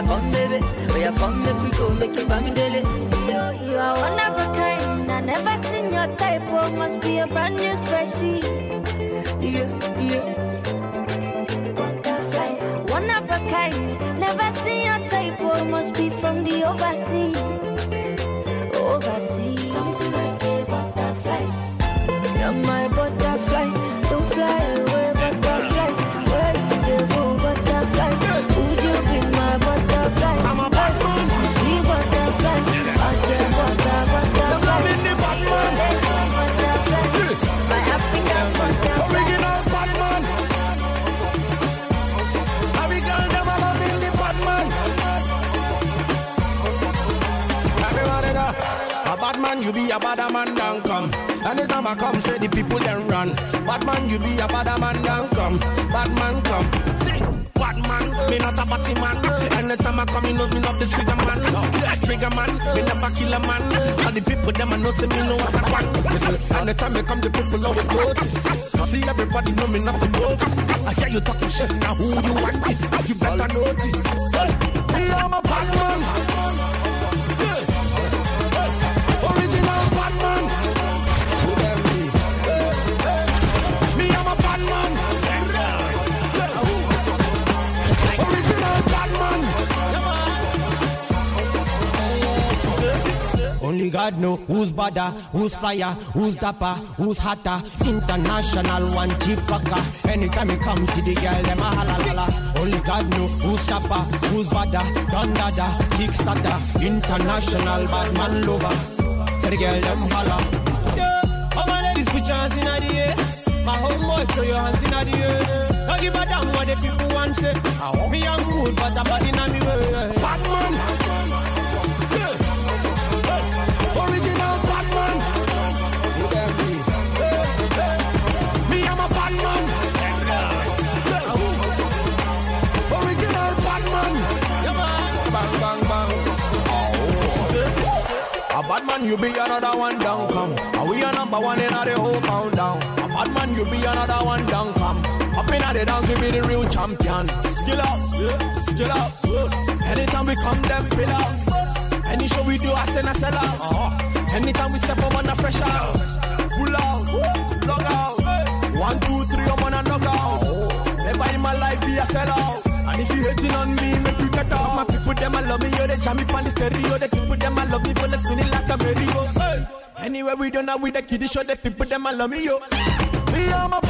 up on baby, we up on me, we go make you bang daily. You, are one of a kind, I never seen your type, oh, must be a brand new species. Yeah, yeah. Butterfly, one of a kind, never seen your type, oh, must be from the overseas. you be a bad man, don't come. Anytime I come, say the people then run. Bad man, you be a bad man, don't come. Bad man, come. See? bad man, me not a batty man. Anytime I come know me not the trigger man. No. Trigger man, me never kill a man. All the people them I know say me know what I want. Listen, anytime I come, the people always notice. See everybody know me not the bogus. I hear you talking shit now. Who you want this? You better notice. this. Hey, me I'm a bad man. only God know who's badder, who's flyer, who's dapper, who's hotter. International one cheap fucker. Anytime he comes, see the girl, them a halalala. Only God know who's sharper, who's badder, dundada, kickstarter. International bad man lover. Say the girl, them holla. Yeah, all my ladies put your hands in the air. My homeboys throw your hands in the air. Don't give a damn what the people want say. I want Me young mood, but I'm bad in a me way. Bad man. man, you be another one down come. Are we a number one in the whole countdown? A bad man, you be another one down come. Up in the dance, we be the real champion. Skill up, skill up. Anytime we come, them fill up. Any show we do, I send a sell out. Uh-huh. Anytime we step up on a fresh out. Pull out, log out. One, two, three, I'm on a knockout. Never in my life be a sellout. And if you hating on me, make you get off. My people them I love me, yo. They jam me on the stereo. The people them I love me, but they spinning like a merry-go. Anywhere we don't know we the kiddies, show the people them I love me, yo. Me I'm a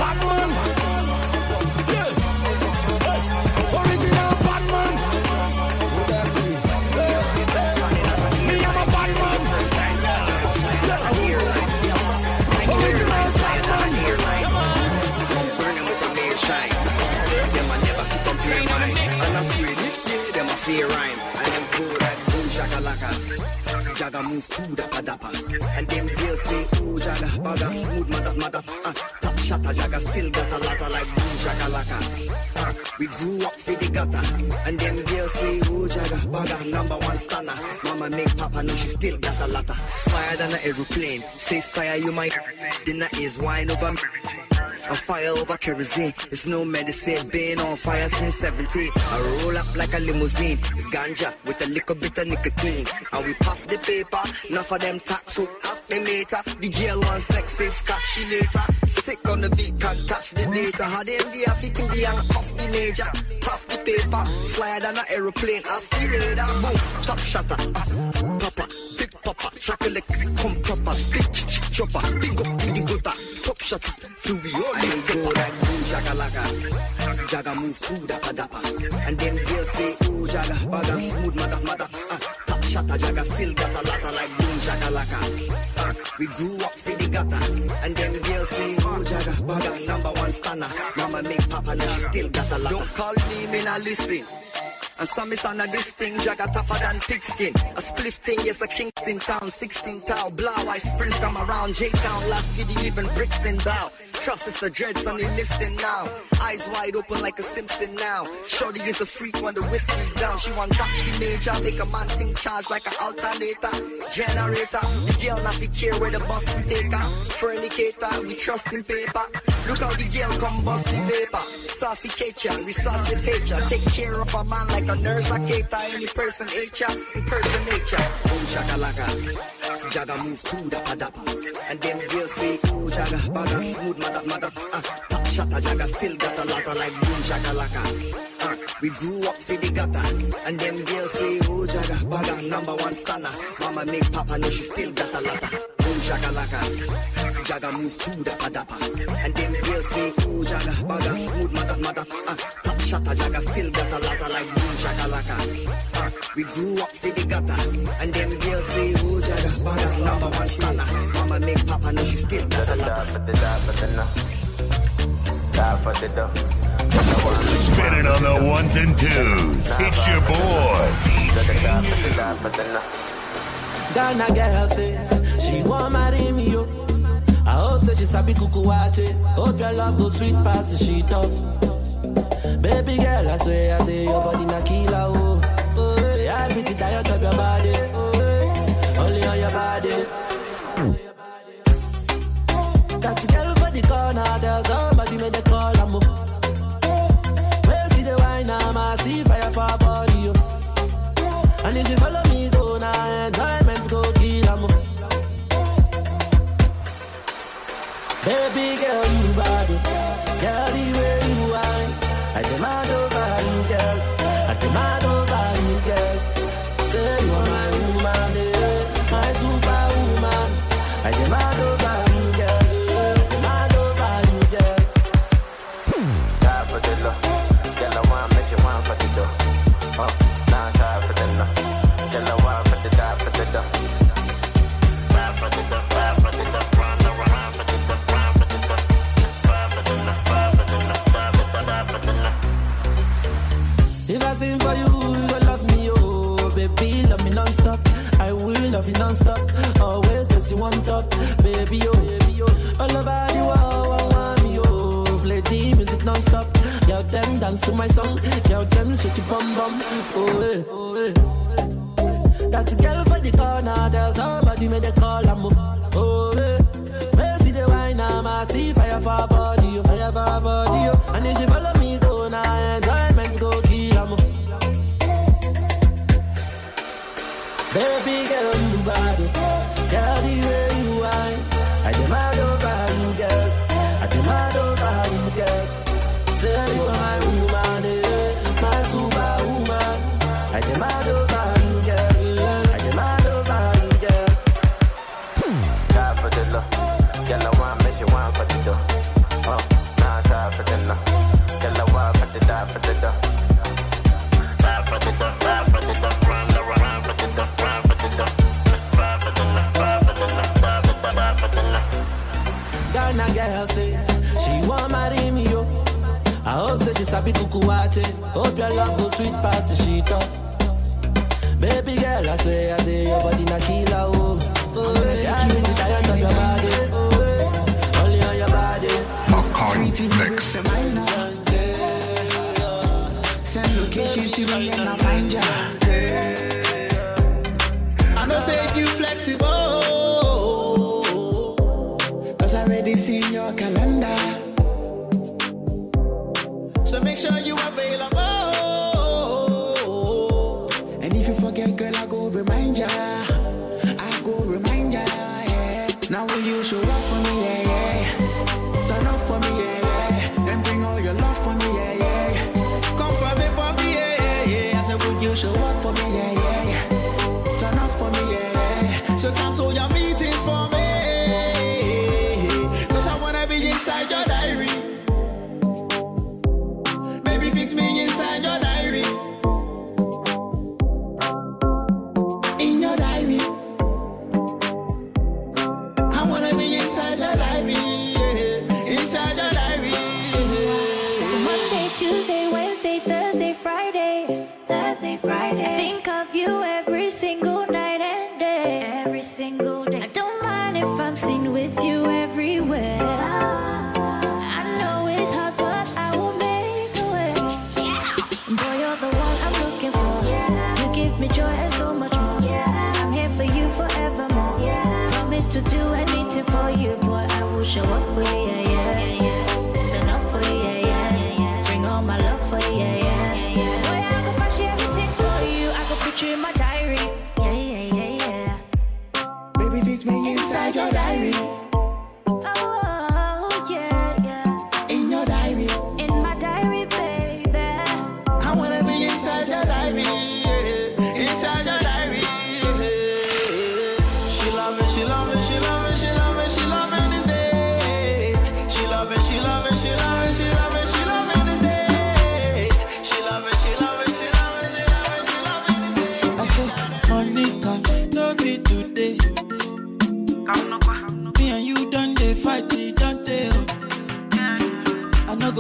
say a rhyme. I am cool like boom shakalaka. Jaga move cool dappa dappa. And them girls say, ooh jaga baga smooth mother mother. Uh, top shatter jaga still got a lotta like boom shakalaka. Uh, ah, we grew up for the gutter. And them girls say, ooh jaga baga number one stunner. Mama make papa know she still got a lotta. Fire than an aeroplane. Say sire you my. Dinner is wine over. Everything. I'm fire over kerosene. It's no medicine. Been on fire since 17. I roll up like a limousine. It's ganja with a little bit of nicotine. And we puff the paper. Enough of them tax hook up them later. The girl on sex safe scotch later. Sick on the beat, can't touch the data. How the MDF, it can be an off the major. Puff the paper. Flyer than an aeroplane. Off the radar. Boom. Top shutter. papa. Big papa. Chocolate. Come proper. Stick. Chopper. Big up big the gutter. Top shutter to be your little go like boom jaga laga. Jaga move too dappa dappa. And then girls say ooh jaga baga smooth mada mada. Uh, top a jaga still got a lotta like boom jaga laga. Uh, we grew up for the gutter. And then girls say ooh jaga baga number one stunner. Mama make papa now still got a lotta. Don't call me, me not listen. And some is on a this thing, jagger tougher than pigskin. A spliff thing, yes, a Kingston town, 16 town, Blah I sprint, come around J Town, last giddy, even Brixton bow. Trust it's the dreads on the listing now. Eyes wide open like a Simpson now. Shorty is a freak when the whiskey's down. She want touch the major, make a man think charge like an alternator, generator. The girl not care where the bus we take her. Fornicator, we trust in paper. Look how the girl come bust the vapor. Sufficate ya, resuscitate ya. Take care of a man like a nurse, I a cater, any person, nature, person, nature. Boom, shakalaka. Jaga move to the padap. And then we will see ooh, jaga, baga, smooth, mother, mother. Uh, pop, shata, jaga, still got a lot of like boom, shaka laka. We grew up for the gutter, and them girls say, Oh Jaga, baga, number one stunner. Mama make Papa know she still got a lotta. Oh Jaga laka, Jaga move to the padapa, and them girls say, Oh Jaga, baga, smooth mother mother. Uh, top shatter, Jaga still got a lotta like boom Jaga laka. Uh, we grew up for the gutter, and them girls say, Oh Jaga, baga, number one stunner. Mama make Papa know she still got a lotta. Die for the dough. Spinning on the ones and twos. It's your boy. Ghana girl say she want marry me yo. Oh. I hope say she sabi kukuwache. Hope your love go sweet pass the she top. Oh. Baby girl, I swear I say your body na killer oh. Say I am pretty die out of your body. And if you follow me, go now, diamonds go kill em. Baby girl, you body. Girl,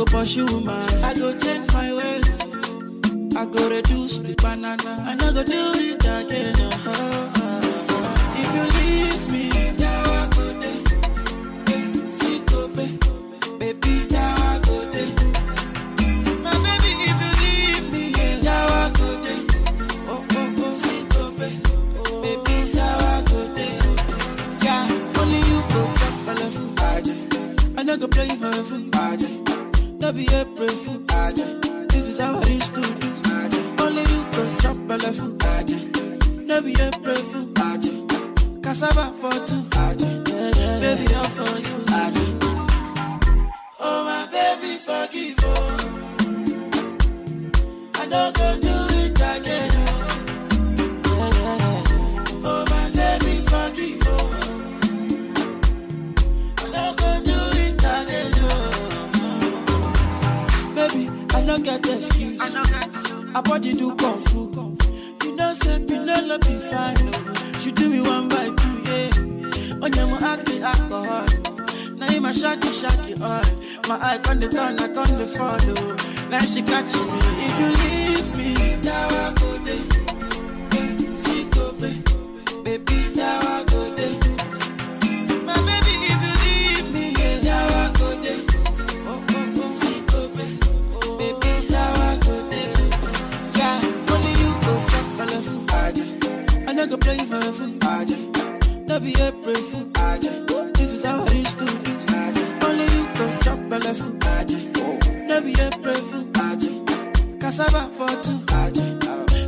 pursue my I go change my ways I go reduce the banana I no go do it again uh-huh. If you leave me no go play for a fool. No be a April fool. This is how I used to do. Only you can chop a la fool. No be a April fool. Cassava for two. Baby, all for you. Oh, my baby, forgive. Oh. I don't go do it again. excuse. I body do kung fu. You know, say Penelope be fine. No. She do me one by two, yeah. On your moaki alcohol. Now you my shaky shaky oil. My eye on the turn, I on the follow. Now she catching me. If you leave me, now I go there. no go play for food. No be a pray food. This is how I used to do. Only you can chop left, food. No be a pray food. Cassava for two.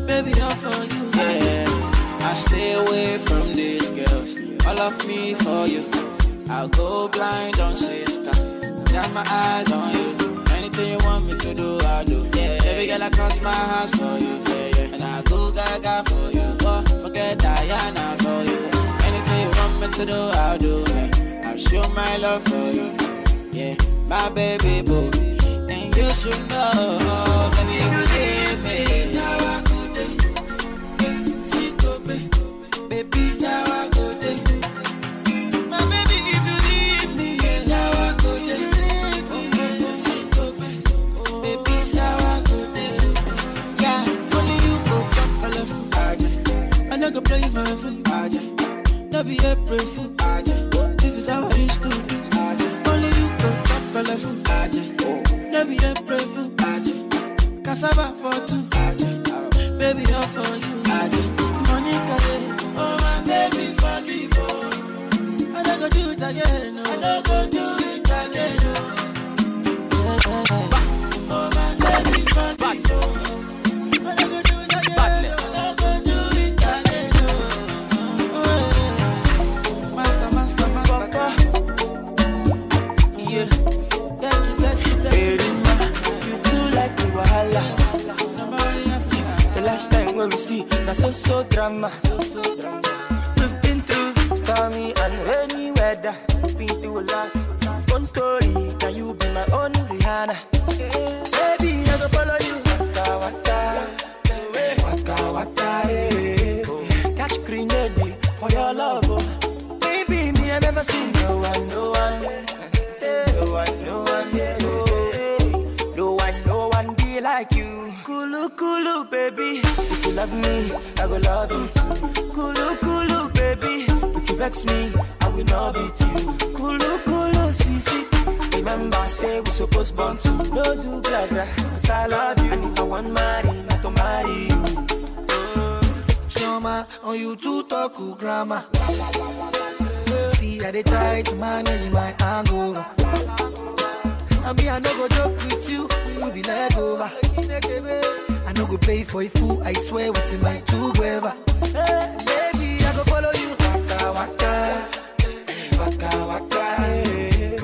Baby, all for you. Yeah, I stay away from these girls. All of me for you. I'll go blind on sister. Got my eyes on you. Anything you want me to do, i do. Yeah, every girl I cross my house for you. Yeah, yeah. And I'll go gaga for you got now for you. Anything you want me to do, I'll do it. I'll show my love for you. Yeah, my baby boo. And you should know, baby, you no be April Fool. This is how I used to do. Only you can chop my level. No be April Fool. Cassava for two. Baby, all for you. Monica, oh my baby, forgive. me. Oh, I don't go do it again. No. Oh. I don't go do it. na so so drama. We've been through stormy and rainy weather. Been through a lot. One story, can you be my own Rihanna. Baby, I go follow you. Waka waka, waka waka, hey. Eh. Catch grenade for your love, oh. Baby, me I never seen no one, no one, eh. no one, eh. no one, no one be like you. Kulu kulu, baby love me, I go love you Kulu kulu, baby, if you vex me, I will not beat you. Kulu kulu, sisi. Remember, say we supposed born to no do blah blah. Cause I love you, and if I want marry, not to marry you. Mm. on you to talk grammar. See, I they try to manage my anger. I mean, I no go joke with you, you be leg over. I no go play for a fool. I swear, what's in my two gueva? Hey, baby, I go follow you. Waka waka, waka waka. Eh.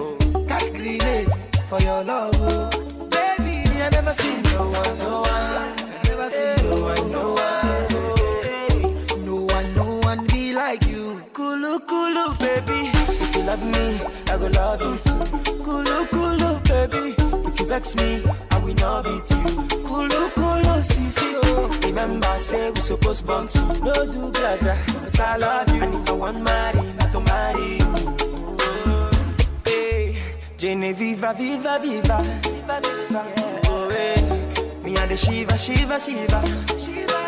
Catch grenade for your love, oh. baby. I never seen no one, no one. I never seen no one, no one. Eh. No one, no one be like you. Kulu kulu, baby. If you love me, I go love you too. Kulu kulu, baby vex me, and we not beat you. Kulu kulu sisi oh. Remember, say we supposed born to no do brother. Cause I love you, and if I want marry, not to marry you. Hey, Genevieve, viva, viva, viva, viva. Yeah. Oh, hey. me and the Shiva, Shiva, Shiva. Shiva.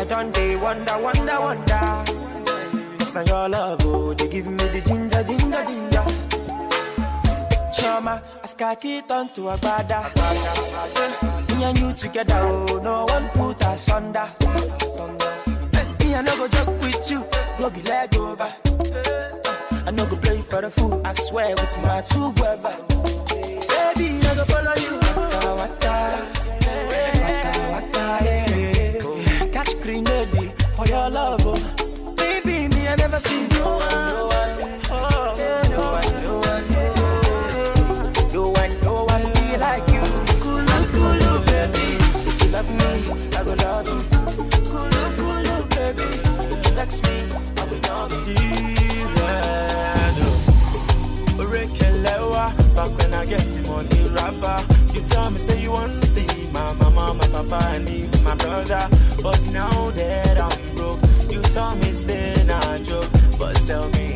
I don't day wonder, wonder, wonder. Cause now your love, oh, they give me the ginger, ginger, ginger. Trauma, I sky it onto a bada. Me and you together, oh, no one put us under. Me, I no go joke with you, go be leg over. I no go play for the fool, I swear with my two brother. Baby, I go follow you. Waka waka, waka waka, yeah. Catch grenade for your love, oh. Baby, me I never see you. me. I not back when I get rapper. You me, say you want my mama, my papa, and my brother. But now that I'm broke, you tell me, say, nah, joke. But tell me,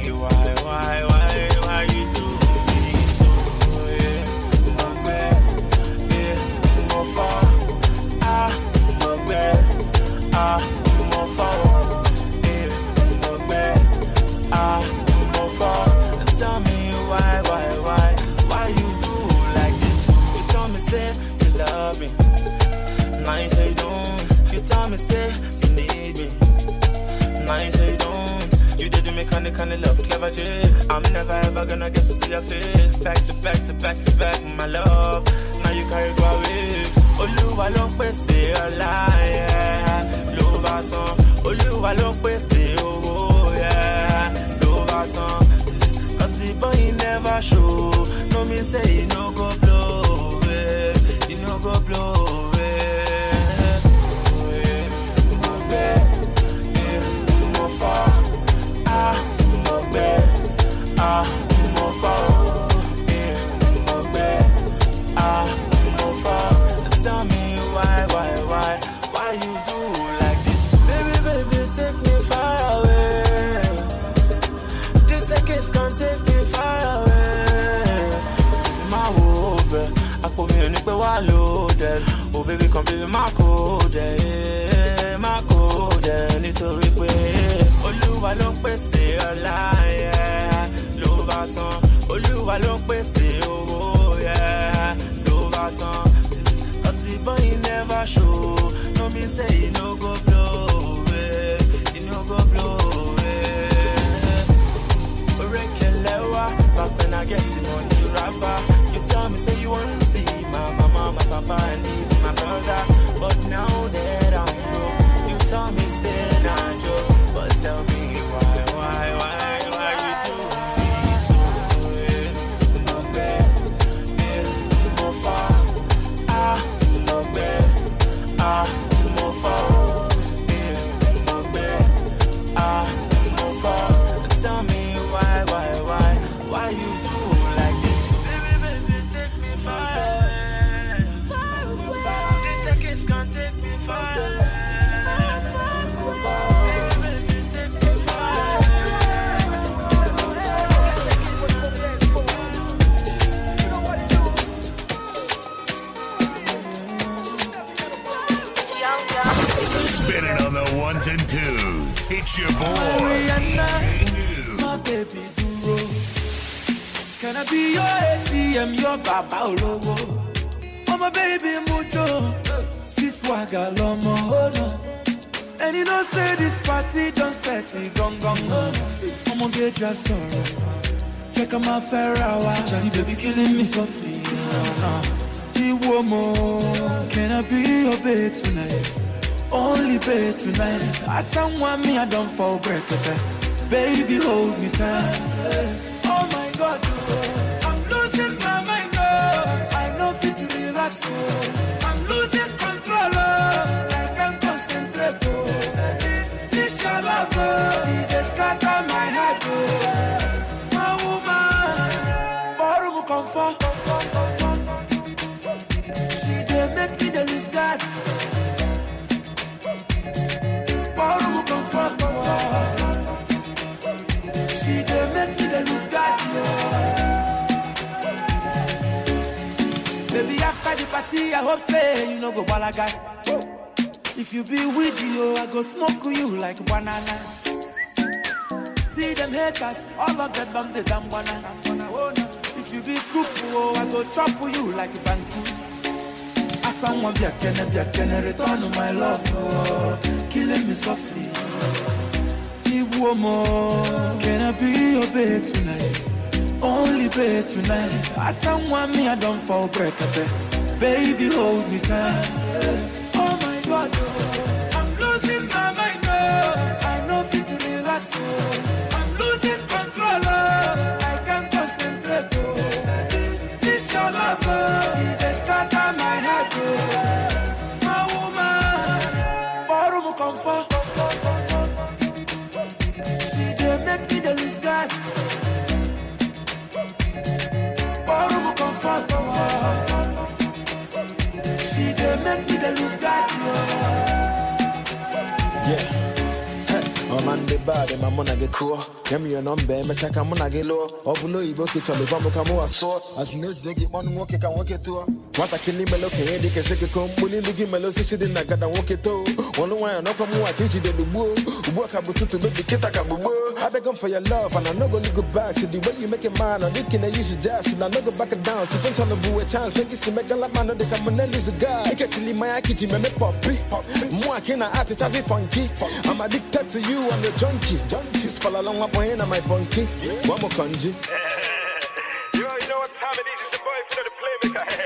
me say you need me. Now you say you don't. You did me kinda kinda love, clever J. I'm never ever gonna get to see your face. Back to back to back to back, my love. Now you carry go away. Olúwa ló pèsè ọlá, ló bá tán. Olúwa ló pèsè owó, ló bá tán. Cause the boy never show. No mean say he no go blow, babe. He no go blow. tell me why, why, why, why you do like this? Baby, baby, take me far away. This seconds can't take me far away. My hope, I put me on the wall, oh baby, come be my cool. but he never show. No me say he no go blow away, you no go blow away. Orekelewa, back when I get him on you rapper, you tell me say you wanna see my mama, my papa, and even my brother. But now that I'm broke, you tell me say nah, Joe, but tell me. my baby duro. Can I be your ATM, your baba olowo? Oh my baby mucho, sis waga lomo oh And you know say this party don't set it gong gong no. I'm get your sorrow. Check out my Ferrawa, Charlie baby killing me softly. No, no. Iwomo, can I be your babe tonight? Only pay tonight. As someone me, I don't fall break with Baby, hold me tight. Oh my God, oh. I'm losing my mind. Oh. I know fit to relax. Oh. I'm losing control. Oh. I can't concentrate. Oh. This your love, oh. they scatter my heart. Oh. My woman, borrow comfort. She did make me I hope say you know go balaga. If you be with you, I go smoke you like banana. See them haters, all of them bam the damn banana. If you be soup, oh, I go chop you like bantu. Sanwa biakene biakene Return to my love oh, Killing me softly Iwomo Can I be your bed tonight? Only bed tonight As someone me I don't fall break up Baby hold me tight Oh my God oh, I'm losing my mind oh. I know fit to relax oh. and be the bad and my mona get cool. Give me your number, me check I'm gonna get low. Or below you book it, I'll be from a saw. As you know, they get one walk, I can walk it to. What I kill him, look here, they can shake a pulling the game, Melo, sissy, then I got a walk it to. One I know come walk, you the woo. Work up to make the kid, I can I beg for your love, and I know go look back to the way you make it mine. I'm looking at you, jazz, and I know go back and down. So, if I'm trying to do a chance, think it's a mega lap, man, they come and lose a guy. I can't kill my kitchen, me pop, beat, pop. More, I can't act, it's I'm I'm addicted to you, I'm the junkie. Junkies fall along My boy, on my punky. One more kanji. Yo, you know what time it is? It's the boy for the playmaker.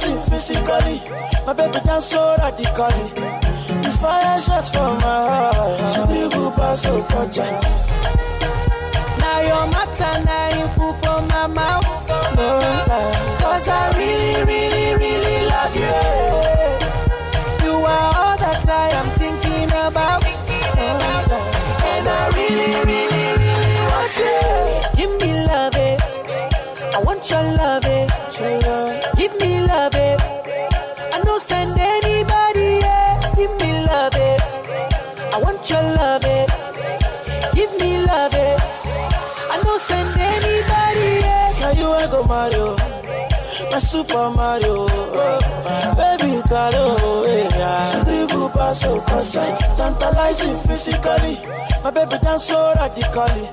physically. My baby dance so radically. The fire shots from my heart. She the good pass so culture. Now your matter, now in full for my mouth. Cause I really, really, really love you. You are all that I am thinking about. And I really, really, really want you. Give me love, it. Eh. I want your love, it. Eh. send anybody. Yeah. Now you I go Mario, my Super Mario. Oh. Baby, Carlo, yeah. She the good pass so concern, tantalizing physically. My baby dance so radically.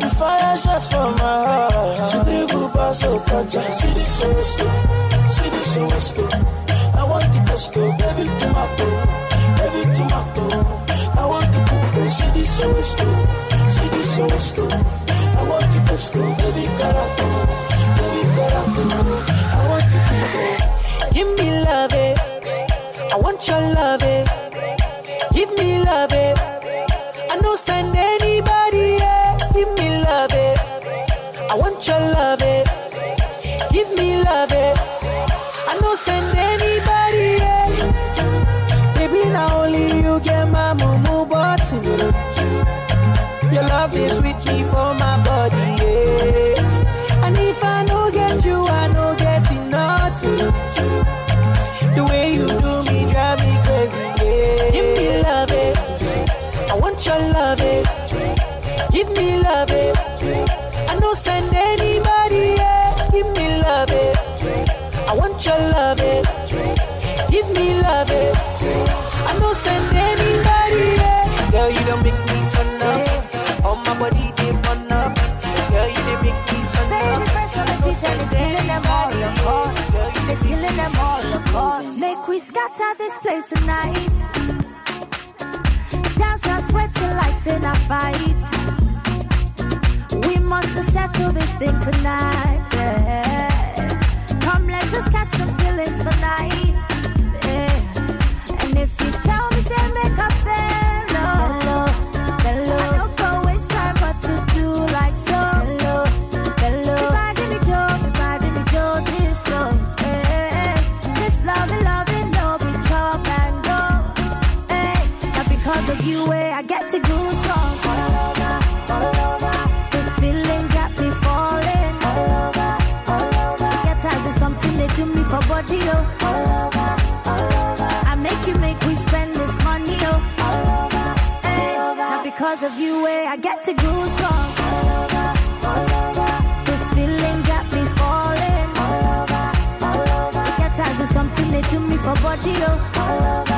You fire shots from my heart. She the good pass so concern. See the so slow, see the so slow. I want to go slow, baby, tomato, baby, tomato. I want to cook, see the so slow, see the so slow. I want you to school, baby, caraco, baby, caraco. I want you to go. Give me love, eh? I want your love, eh? Give me love, eh? I know send anybody, eh? Give me love, eh? I want your love, eh? Give me love, eh? I know send anybody, eh? Baby, now only you get my mumu button. Your love is with me for my body, yeah. And if I no get you, I no get you nothing. The way you do me drive me crazy, yeah. Give me love, it. Eh. I want your love, it. Eh. Give me love, it. Eh. I no send anybody, yeah. Give me love, it. I want your love, it. Give me love, it. I no send anybody. body, they burn up. Girl, you they make me turn up. Baby, special, baby, killing them all, of course. Girl, you killing them all, of course. Make we scatter this place tonight. Dance and sweat till life's in a fight. We must settle this thing tonight. Yeah. Come, let us catch some feelings for night. Yeah. And if you tell me, say make up. I get to goosebumps all This feeling got me falling all over, something they do me for body, oh. I make you make we spend this money, oh. Now because of you, eh, I get to goosebumps all This feeling got me falling all over, all over. Get as if something they do me for body, oh. All over.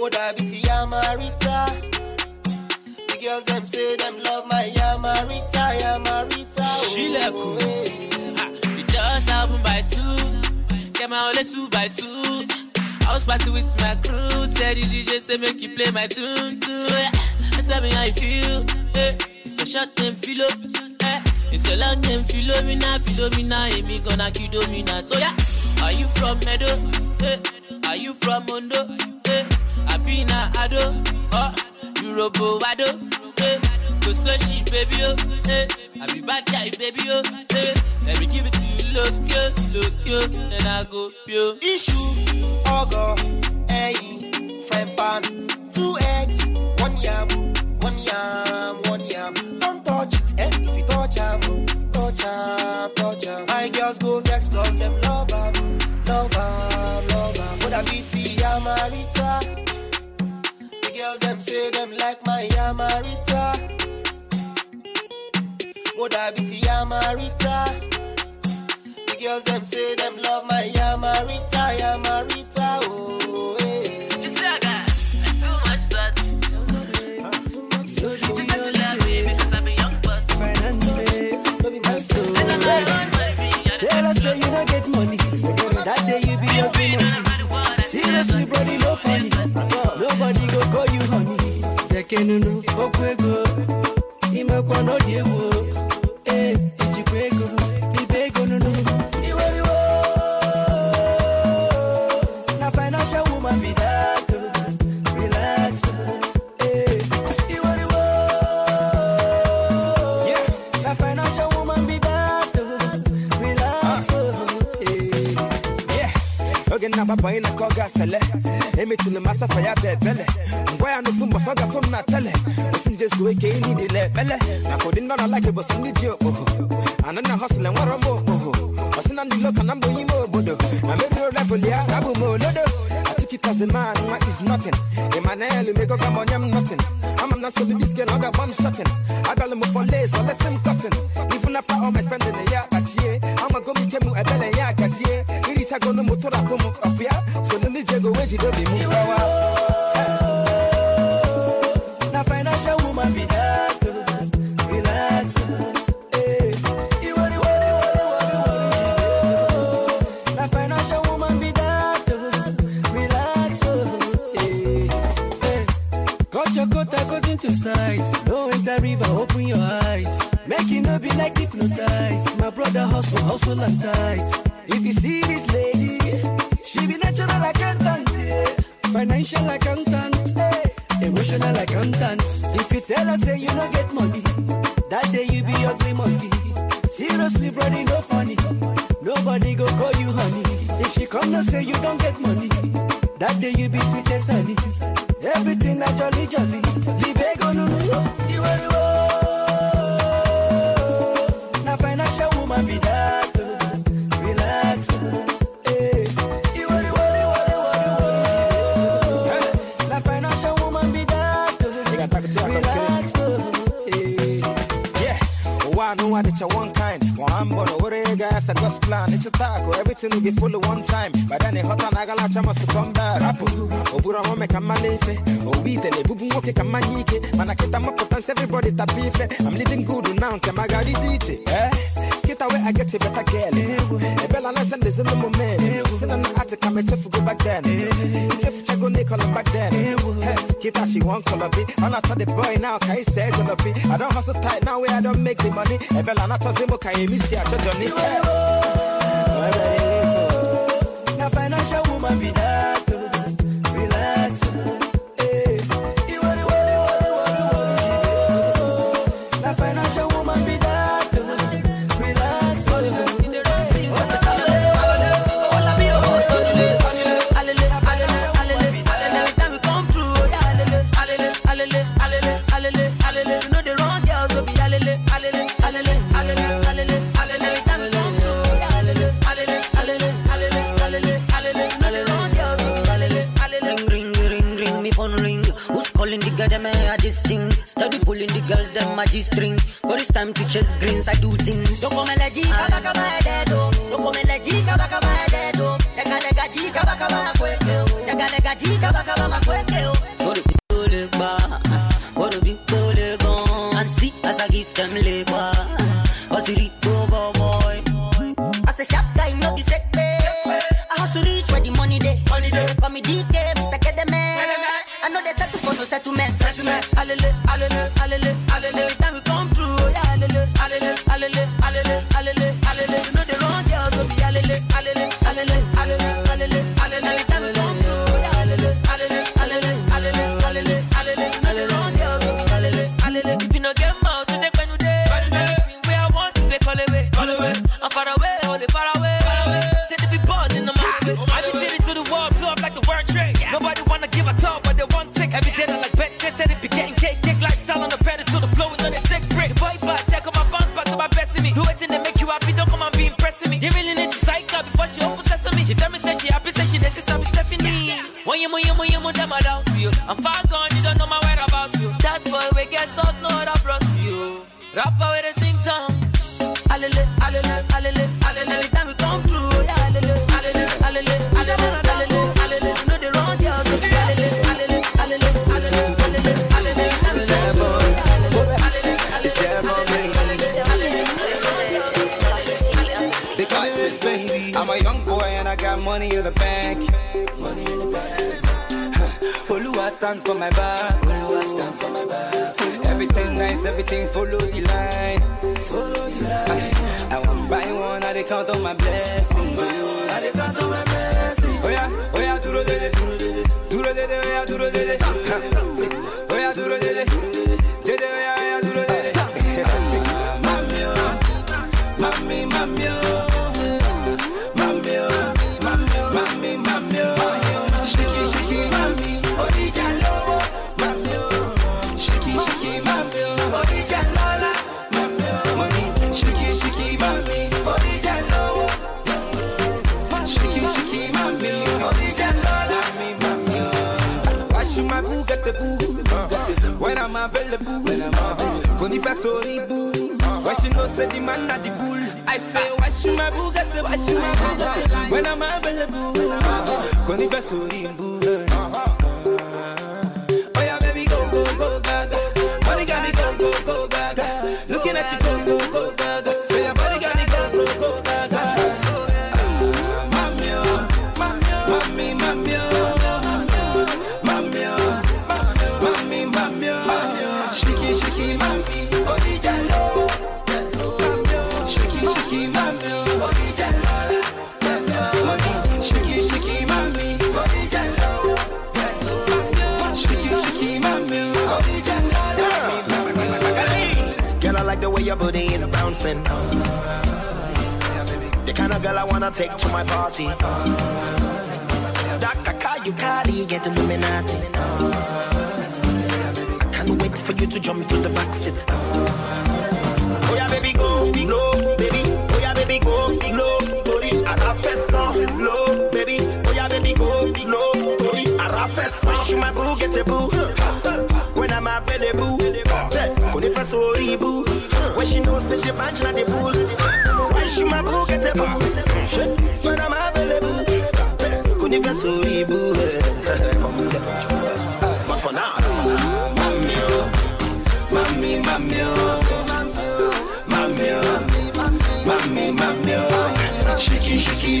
Would I be to Yamarita? The girls them say them love my Yamarita, Yamarita. Oh, she left oh, hey. ha, The doors open by two. Get my only two by two. House party with my crew. Tell the DJ say make you play my tune too. Yeah. Tell me how you feel. Hey. It's a short name, feel up. Hey. It's a long name, Philomena, Philomena, Amy gonna kill Domina. So oh, yeah, are you from Meadow? Hey. Are you from Mondo? Abina Ado, oh, Urobo Ado, eh, Kososhi baby, oh, eh, Abi bad guy baby, oh, eh, let me give it to you, look, yo, look, yo, then I go pure. Issue, Ogo, hey, friend pan, two eggs, one yam, one yam, one yam. Don't touch it, eh, if you touch yam, oh, touch yam, touch yam. My girls go say them like my Yamarita. Would I be the Yamarita? The girls them say them love my Yamarita, Yamarita. Oh, hey. Eh. Just I got Too much sauce. Too much, too much sauce. So just like to love me because I'm a young bus. Finance, no be my soul. And I'm my own Tell us say you don't get money. That day you be up in money. Seriously, bro, no funny ekenunu okwu ego imekwa n'ọdị egwu ee eh, ejikwa ego na baba a ka ọ ga-asele emetụla m asafa ya bụ ebele ngwa ya n'ofu mbọsọ gafe a na tele osi nje zuo ike ihe dị na I'm ụdị ndị ọ na-alaki bụsị ndị ji okpoho ana na họsụl enwere m okpoho ọsị na ndị loka na mba onye ime obodo na meruo level ya na abụ m olodo atụkịtazi m anwa is nothing emmanuel megoga m onye m nothing ama m na nsogbu diske I got ga ga-agba m shotin abịala m for lace or less m cotton even after all my spending ya kpachie amago me ike m ebele ya yeah pita kono motora komo kapia sono ni jego weji do bi mukawa na financial woman be that relax Cut according to size. Low in the river, open your eyes. Make it no be like hypnotized. My brother hustle, hustle and tight. If you see emotional accountant. Hey, emotional content. If you tell us say you no get money, that day you be ugly monkey. Seriously, brother, no funny. Nobody go call you honey. If she come no say you don't get money, that day you be sweet as honey. Everything a jolly jolly. Libego no no. want it at one kind, One hand bono, worry guys, I just plan. It's a taco, everything will be full at one time. But then it hot and I got a chance to come back. Rapu, Obura won't make a malefe. Obite, ne bubu woke a manike. Manakita, my potence, everybody tapife. I'm living good now, Temagari teach it. Eh? Get away, I get a better girl. A bella nice and there's a little man. Send an attic, I'm a chef go back then. Chef check Nicola back then. Kita, she won't call a bit. And I told the boy now, can you say on the fee? I don't hustle tight now, where I don't make the money. A bella not a zimbo, can you miss your Johnny? Now, financial woman be there. interesting. Study pulling the girls, them magic G-string. But this time teachers greens, I do things. Don't come and let Jika back ah. my head, Don't come and let Jika back my head, Nega nega Jika back my kweke, Nega nega Jika back my kweke, stand for my back. Oh, I stand for my back. Everything nice, everything follow the line. Follow the line. I, want buy one, I they count on my blessing. one, I they count on my blessing. Oh yeah, oh yeah, duro dele, duro dele, duro oh yeah, duro dele. say the man at the bull. I say, wash my Bugatti, wash my Bugatti. When I'm available, Conifer Sorimbu. girl I wanna take to my party. Dr. Kayukari, get Illuminati. Can't wait for you to jump to the back seat. Oh yeah, baby, go, low, baby. Oh yeah, baby, go, low, Tori, I Arafesan, low, baby. Oh yeah, baby, go, low, Tori, I Arafesan. She my boo, get a boo. When I'm available, when if I saw boo, when she knows that the band's the boo.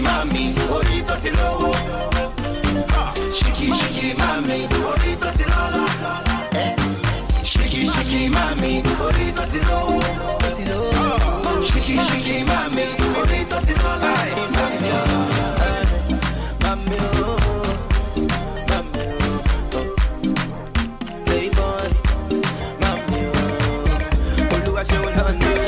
shiki mami, orí tó ti lówó. Shiki shiki mami, orí ti Shiki shiki mami, orí ti Shiki shiki mami, orí tó ti lọ́lá. Mami o, mami o. Olúwa ṣe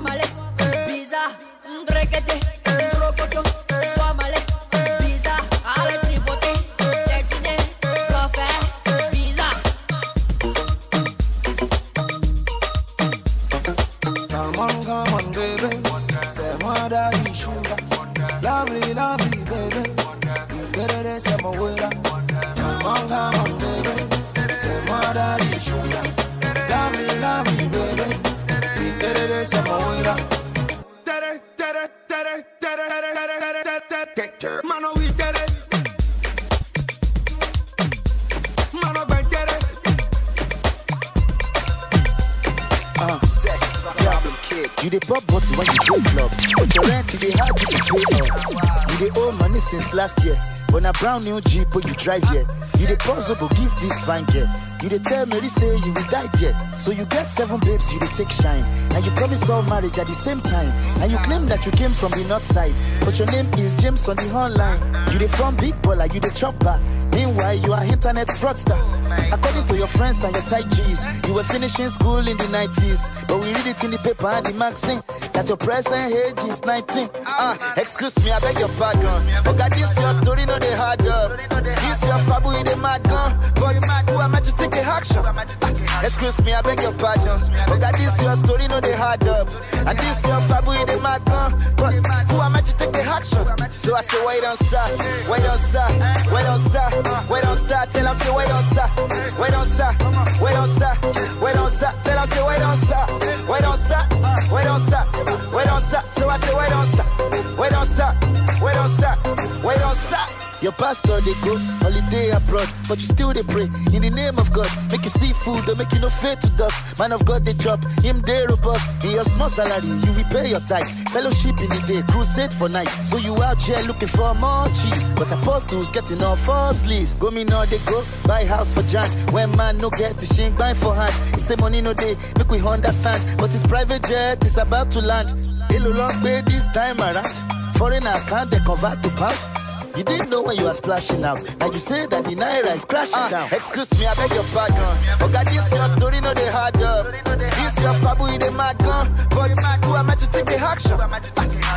guamale, pizza, requete. yet. So you get seven babes, you take shine. And you promise all marriage at the same time. And you claim that you came from the north side. But your name is James on the online. You the from big baller, you the chopper. Meanwhile, you are internet fraudster. According to your friends and your tight G's, you were finishing school in the 90s. But we read it in the paper and the magazine that your present age is 19. Ah, excuse me, I beg your pardon. But God, this your story, no they hard This your fabu in the mad gun. But who am I to take a action? Excuse me, I beg your pardon. But that is your story, no, they hard up. And this your fabric, they mad matter. But who am I to take the action? So I say, wait on, sir. Wait on, sir. Wait on, sir. Wait on, sir. Tell them, say, wait on, sir. Wait on, sir. Wait on, sir. Wait on, sir. Tell them, say, wait on, sir. Wait on, sir. Wait on, sir. Wait on, sir. So I say, wait on, sir. Wait on, sir. Wait on, sir. Wait on, sir. Your pastor they go holiday abroad, but you still they pray in the name of God. Make you see food, they make you no fear to dust. Man of God they drop him they robust. In your small salary you repay your tithes. Fellowship in the day, crusade for night. So you out here looking for more cheese, but apostles getting off Forbes list. Go me now they go buy house for Jack. When man no get the shink buy for hand. It's a money no day, make we understand. But it's private jet is about to land. They will long pay this time around. Foreign account they convert to pass. You didn't know when you were splashing out. Now you say that the naira is crashing ah, down. Excuse me, I beg your pardon. Oh God, this your story, no they hard up. This your fabu, it a mad gun. But who am I to take the action?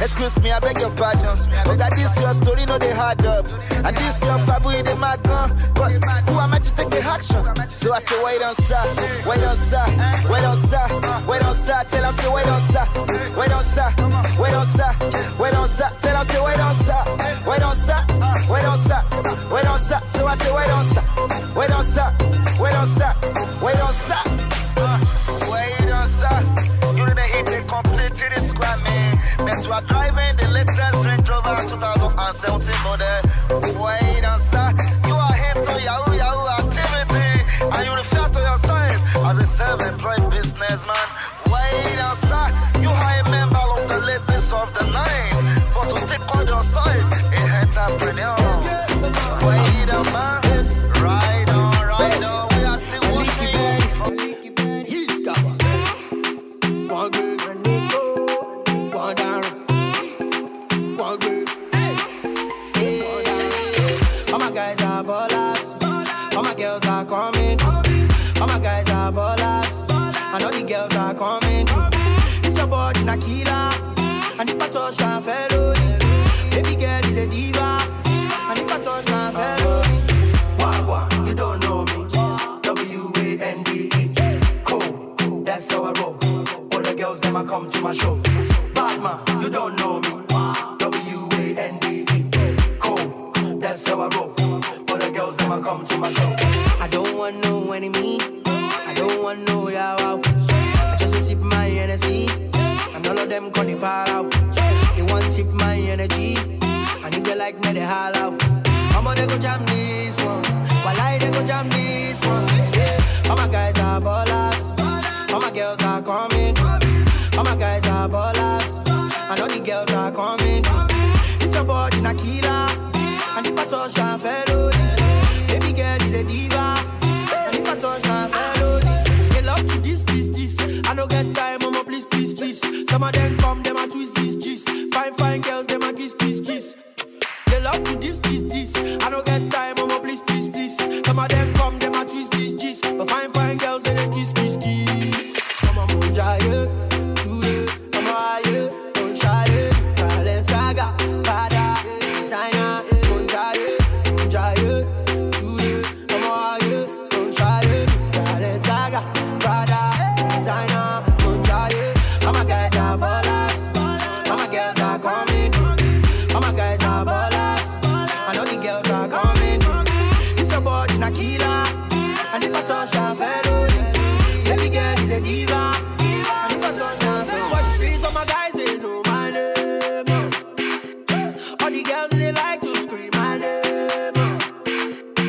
Excuse me, I beg your pardon. Oh God, this your story, no they hard up. And this your fabu, it a mad gun. But who am I to take the action? So I say, wait on sir, wait on sir, wait on sir, wait on sir. Tell him say, wait on sir, wait on sir, wait on sir, wait on sir. Tell him say, wait on sir, wait on sir wait on stop, wait on stop. So I say wait on stop, wait on stop, wait on stop, wait on stop. Wait on stop. You didn't hit it completely describe me. That you are driving the latest Range Rover 2017 model. Wait on stop. You are here to Yahoo Yahoo activity, and you refer to yourself as a self-employed.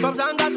Bums on the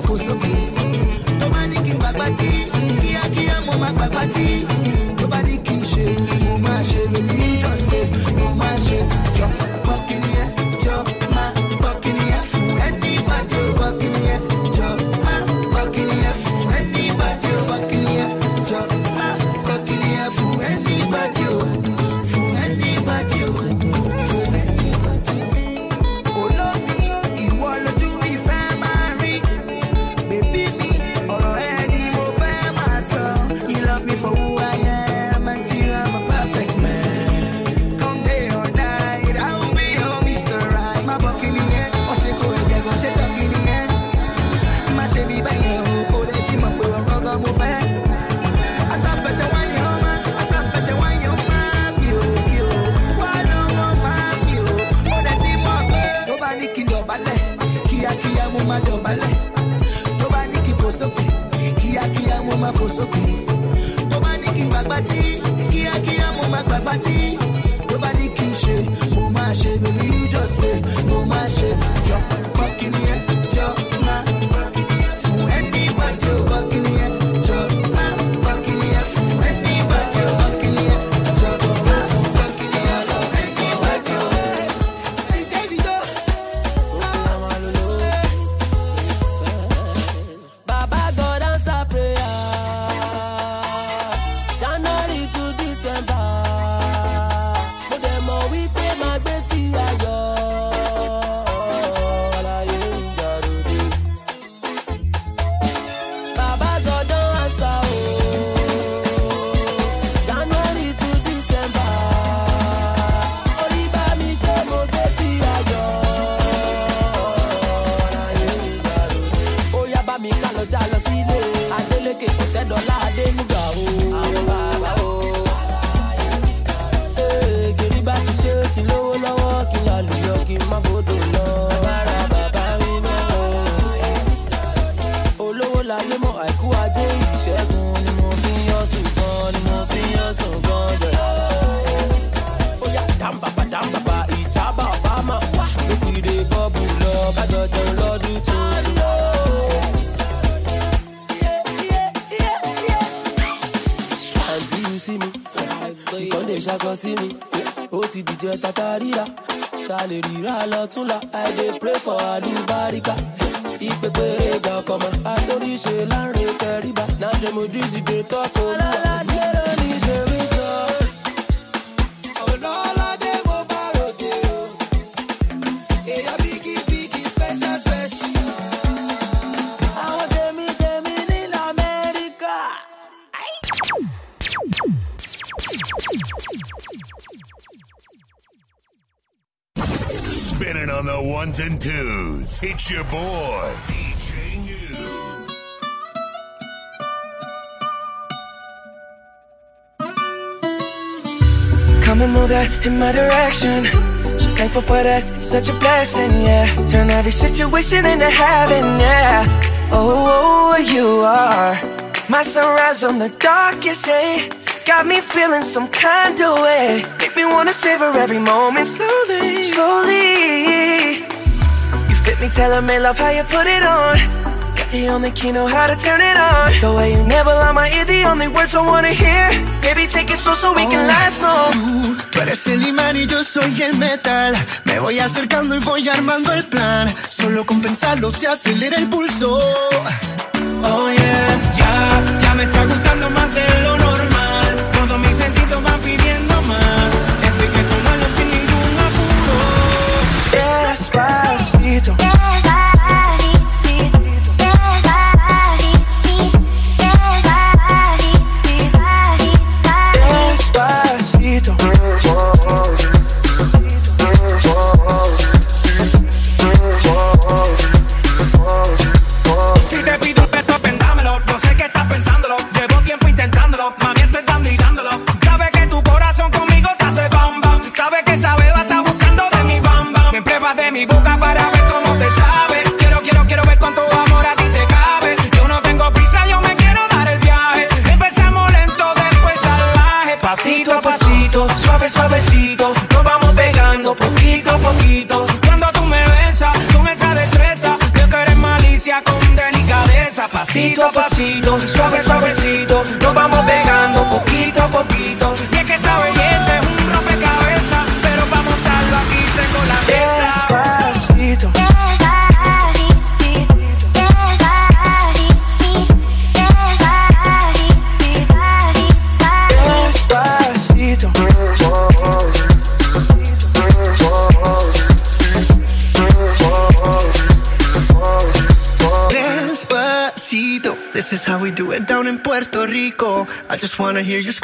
máa fò sókè tó bá ní kí n gbàgbá tí kíákíá mo máa gbàgbá tí. your boy, DJ New. Come and move that in my direction. So thankful for that, it's such a blessing, yeah. Turn every situation into heaven, yeah. Oh, oh, oh you are my sunrise on the darkest day. Got me feeling some kind of way. Make me wanna savor every moment slowly, slowly me, telling me love how you put it on. The only key know how to turn it on. The way you never lie, my ear, the only words I wanna hear. Baby, take it slow so we oh, can last long. Tú, tú eres el imán y yo soy el metal. Me voy acercando y voy armando el plan. Solo con pensarlo se acelera el pulso. Oh yeah, ya, ya me está gustando más de lo just wanna hear your